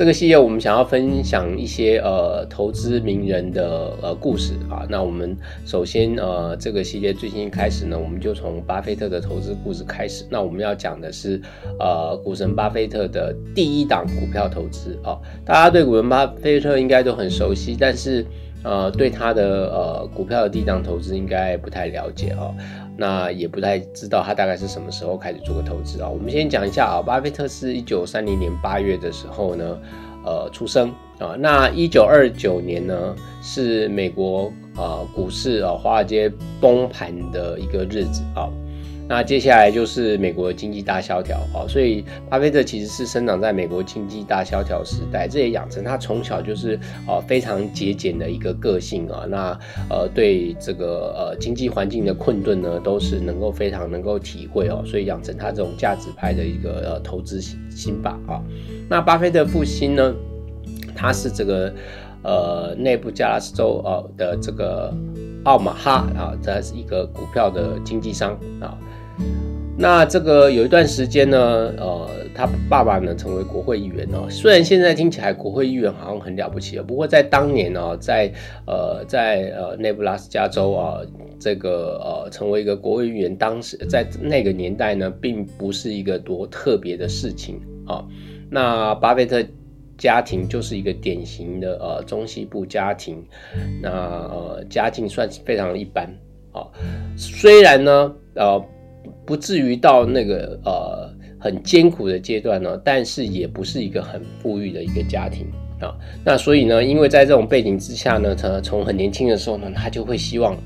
這個系列我們想要分享一些呃投資名人的呃故事啊，那我們首先呃這個系列最近開始呢，我們就從巴菲特的投資故事開始。那我們要講的是呃股神巴菲特的第一檔股票投資啊，大家對股神巴菲特應該都很熟悉，但是，呃，對他的呃股票的低檔投資應該不太了解啊、哦，那也不太知道他大概是什麼時候開始做個投資啊、哦。我們先講一下啊，巴菲特是一九三零年八月的時候呢，呃，出生啊、呃。那一九二九年呢，是美國呃股市啊、呃、華爾街崩盤的一個日子啊。呃那接下來就是美國的經濟大蕭條哦，所以巴菲特其實是生長在美國經濟大蕭條時代，這也養成他從小就是哦非常節儉的一個個性啊、哦。那呃對這個呃經濟環境的困頓呢，都是能夠非常能夠體會哦，所以養成他這種價值派的一個呃投資心心法啊。那巴菲特父親呢，他是這個呃內布拉斯加州的這個奧馬哈啊，他是一個股票的經紀商啊、哦。那這個有一段時間呢，呃，他爸爸呢成為國會議員哦。雖然現在聽起來國會議員好像很了不起了，不過在當年呢、哦，在呃，在呃內布拉斯加州啊，這個呃成為一個國會議員，當時在那個年代呢，並不是一個多特別的事情啊、哦。那巴菲特家庭就是一個典型的呃中西部家庭，那呃家境算是非常一般啊、哦。雖然呢，呃。不至於到那個呃很艱苦的階段呢，但是也不是一個很富裕的一個家庭啊。那所以呢，因為在這種背景之下呢，他從很年輕的時候呢，他就會希望。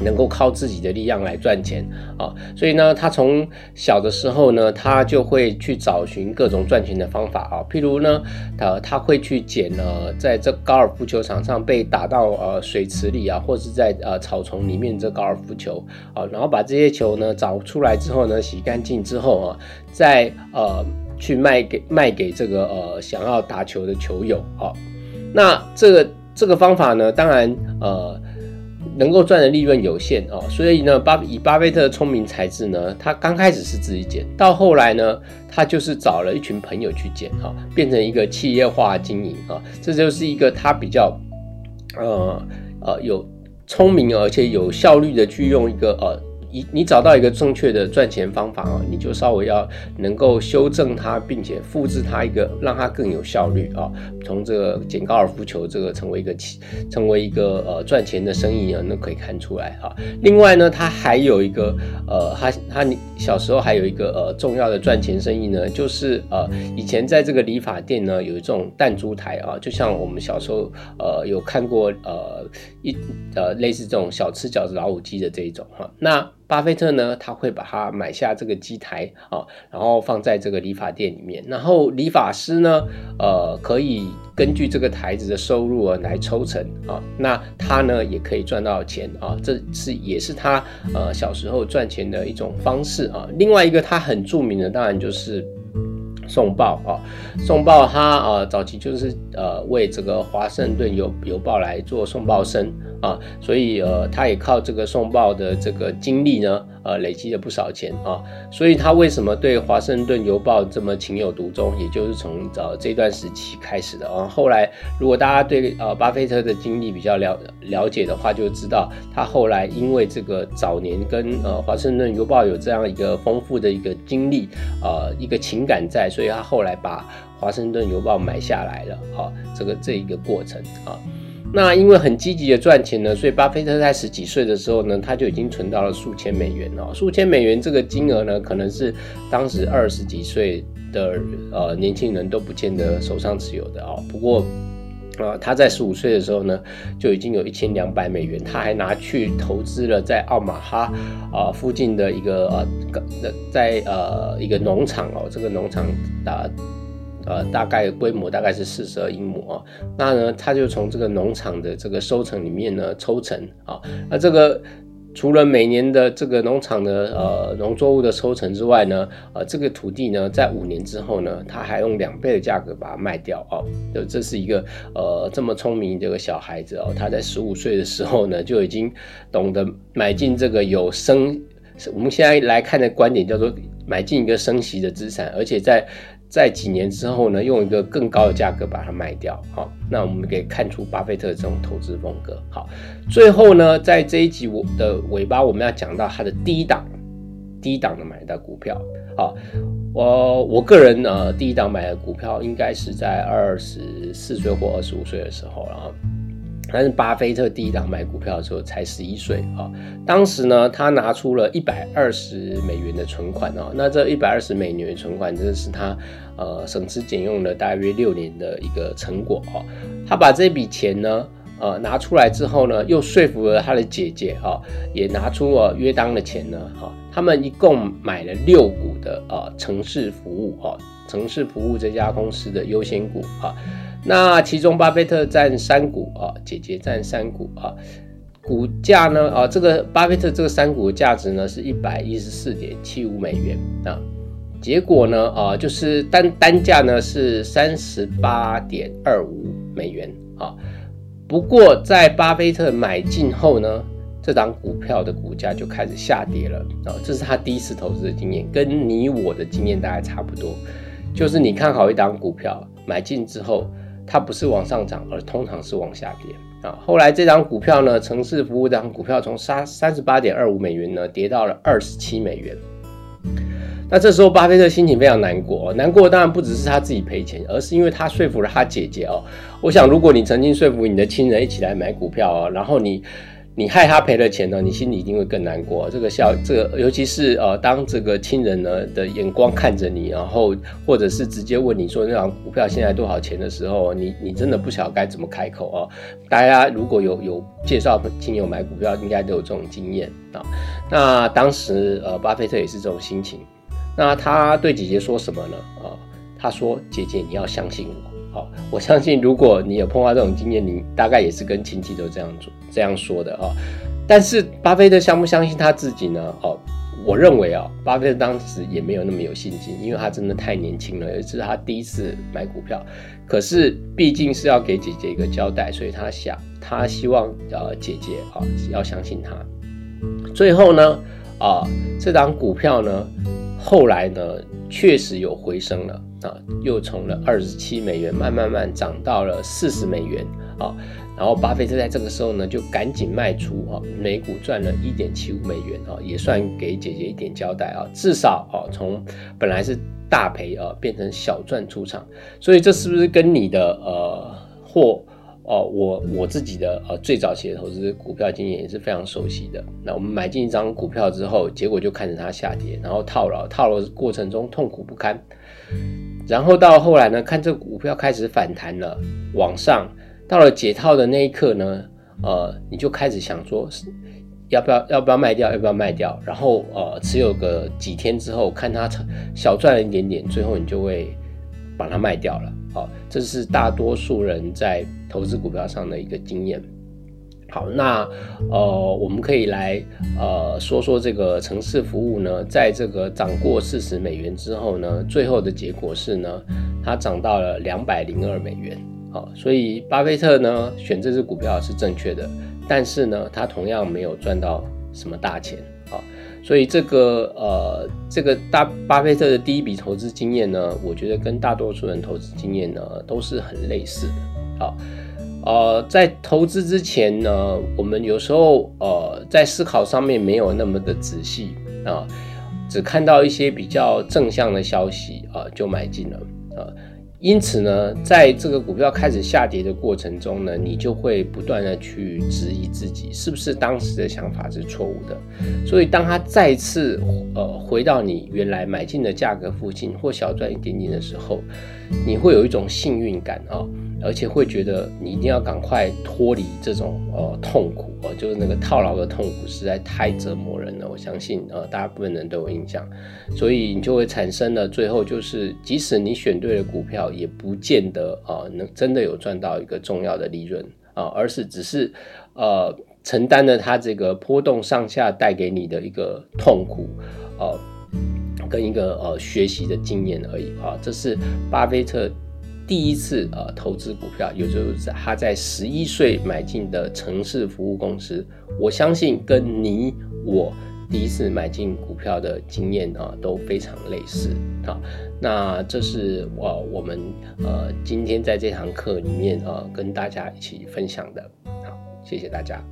能夠靠自己的力量來賺錢啊，所以呢，他從小的時候呢，他就會去找尋各種賺錢的方法啊。譬如呢，呃，他會去撿呢、呃，在這高爾夫球場上被打到呃水池裡啊，或是在呃草叢裡面的這高爾夫球啊，然後把這些球呢找出來之後呢，洗乾淨之後啊，再呃去賣給賣給這個呃想要打球的球友啊。那這個這個方法呢，當然呃。能夠賺的利潤有限哦，所以呢，巴以巴菲特的聰明才智呢，他剛開始是自己撿，到後來呢，他就是找了一群朋友去撿哈、哦，變成一個企業化經營啊、哦，這就是一個他比較，呃呃有聰明而且有效率的去用一個呃。你你找到一個正確的賺錢方法啊，你就稍微要能夠修正它，並且複製它一個，讓它更有效率啊。從這個撿高爾夫球這個成為一個成為一個呃賺錢的生意啊，那可以看出來哈、啊。另外呢，他還有一個呃，他他小時候還有一個呃重要的賺錢生意呢，就是呃以前在這個理髮店呢有一種彈珠台啊，就像我們小時候呃有看過呃一呃類似這種小吃餃子老虎機的這一種哈、啊，那。巴菲特呢，他會把它買下這個機台啊、哦，然後放在這個理髮店裡面，然後理髮師呢，呃，可以根據這個檯子的收入啊來抽成啊、哦，那他呢也可以賺到錢啊、哦，這是也是他呃小時候賺錢的一種方式啊、哦。另外一個他很著名的，當然就是送報啊，送、哦、報他啊、呃、早期就是呃為這個華盛頓郵郵報來做送報生。啊，所以呃，他也靠這個送報的這個經歷呢，呃，累積了不少錢啊。所以他為什麼對《華盛頓郵報》這麼情有獨鍾，也就是從呃、啊、這段時期開始的啊。後來，如果大家對呃、啊、巴菲特的經歷比較了了解的話，就知道他後來因為這個早年跟呃、啊《華盛頓郵報》有這樣一個豐富的一個經歷，呃、啊，一個情感在，所以他後來把《華盛頓郵報》買下來了。好、啊，這個這一個過程啊。那因為很積極的賺錢呢，所以巴菲特在十幾歲的時候呢，他就已經存到了數千美元了，哦。數千美元這個金額呢，可能是當時二十幾歲的呃年輕人都不見得手上持有的哦，不過啊，呃，他在十五歲的時候呢，就已經有一千兩百美元，他還拿去投資了在奧馬哈啊，呃，附近的一個呃在呃一個農場哦，這個農場打。呃，大概規模大概是四十二英畝啊、哦，那呢，他就從這個農場的這個收成裡面呢抽成啊、哦，那這個除了每年的這個農場的呃農作物的抽成之外呢，呃，這個土地呢，在五年之後呢，他還用兩倍的價格把它賣掉啊，就、哦、這是一個呃這麼聰明這個小孩子哦，他在十五歲的時候呢，就已經懂得買進這個有升，我們現在來看的觀點叫做買進一個生息的資產，而且在。在幾年之後呢，用一個更高的價格把它賣掉。好，那我們可以看出巴菲特的這種投資風格。好，最後呢，在這一集我的尾巴，我們要講到他的第一檔，第一檔的買的股票。好，我我個人呢，第一檔買的股票應該是在二十四歲或二十五歲的時候，但是巴菲特第一檔買股票的時候才十一歲啊，當時呢，他拿出了一百二十美元的存款哦，那這一百二十美元存款真的是他呃省吃儉用了大約六年的一個成果哦。他把這筆錢呢呃拿出來之後呢，又說服了他的姐姐哈、哦，也拿出了約當的錢呢哈、哦，他們一共買了六股的，呃，城市服務，哦，城市服務這家公司的優先股啊。哦那其中，巴菲特佔三股啊，姐姐佔三股啊，股價呢啊，這個巴菲特這個三股價值呢是一百一十四點七五美元啊，結果呢啊，就是單單價呢是三十八點二五美元啊。不過在巴菲特買進後呢，這檔股票的股價就開始下跌了啊，這是他第一次投資的經驗，跟你我的經驗大概差不多，就是你看好一檔股票買進之後。它不是往上漲，而通常是往下跌啊。後來這檔股票呢，城市服務這檔股票從三三十八點二五美元呢，跌到了二十七美元。那這時候巴菲特心情非常難過，難過當然不只是他自己賠錢，而是因為他說服了他姐姐哦。我想，如果你曾經說服你的親人一起來買股票哦，然後你。你害他賠了錢呢，你心裡一定會更難過。這個笑，這個尤其是呃，當這個親人呢的眼光看着你，然後或者是直接問你說那張股票現在多少錢的時候，你你真的不曉得該怎麼開口哦，呃。大家如果有有介紹親友買股票，應該都有這種經驗啊，呃。那當時呃，巴菲特也是這種心情。那他對姐姐說什麼呢？啊，呃，他說：“姐姐，你要相信我。”哦、我相信如果你有碰到這種經驗，你大概也是跟親戚都這樣做、這樣說的、哦、但是巴菲特相不相信他自己呢？哦，我認為啊、哦，巴菲特當時也沒有那麼有信心，因為他真的太年輕了，也是他第一次買股票。可是畢竟是要給姐姐一個交代，所以他想，他希望呃姐姐啊、哦、要相信他。最後呢，啊、哦，這張股票呢。後來呢，確實有回升了啊，又從了二十七美元慢慢慢慢漲到了四十美元啊，然後巴菲特在這個時候呢就趕緊賣出啊，每股賺了一點七五美元啊，也算給姐姐一點交代啊，至少啊從本來是大賠啊變成小賺出場，所以這是不是跟你的呃貨？哦，我我自己的呃，最早期的投資股票經驗也是非常熟悉的。那我們買進一張股票之後，結果就看着它下跌，然後套牢套牢過程中痛苦不堪。然後到後來呢，看這股票開始反彈了，往上到了解套的那一刻呢，呃，你就開始想說，要不要要不要賣掉？要不要賣掉？然後呃，持有個幾天之後，看它小賺了一點點，最後你就會把它賣掉了。好，哦，這是大多數人在。投資股票上的一個經驗。好，那呃，我們可以來呃說說這個城市服務呢，在這個漲過四十美元之後呢，最後的結果是呢，它漲到了兩百零二美元。好，哦，所以巴菲特呢選這支股票是正確的，但是呢，他同樣沒有賺到什麼大錢。好，哦，所以這個呃，這個大巴菲特的第一筆投資經驗呢，我覺得跟大多數人投資經驗呢都是很類似的。好、哦，呃，在投資之前呢，我們有時候呃在思考上面沒有那麼的仔細啊，呃，只看到一些比較正向的消息啊，呃，就買進了啊，呃，因此呢，在這個股票開始下跌的過程中呢，你就會不斷的去質疑自己是不是當時的想法是錯誤的，所以當它再次呃回到你原來買進的價格附近或小賺一點點的時候，你會有一種幸運感啊。哦而且會覺得你一定要趕快脫離這種呃痛苦啊、呃，就是那個套牢的痛苦實在太折磨人了。我相信呃，大部分人都有印象，所以你就會產生了最後就是，即使你選對了股票，也不見得啊、呃、能真的有賺到一個重要的利潤啊、呃，而是只是呃承擔了它這個波動上下帶給你的一個痛苦啊、呃，跟一個呃學習的經驗而已啊、呃。這是巴菲特。第一次呃，投資股票，也就是他在十一歲買進的城市服務公司，我相信跟你我第一次買進股票的經驗啊、呃、都非常類似好，那這是我、呃、我們呃今天在這堂課裡面呃跟大家一起分享的，好，謝謝大家。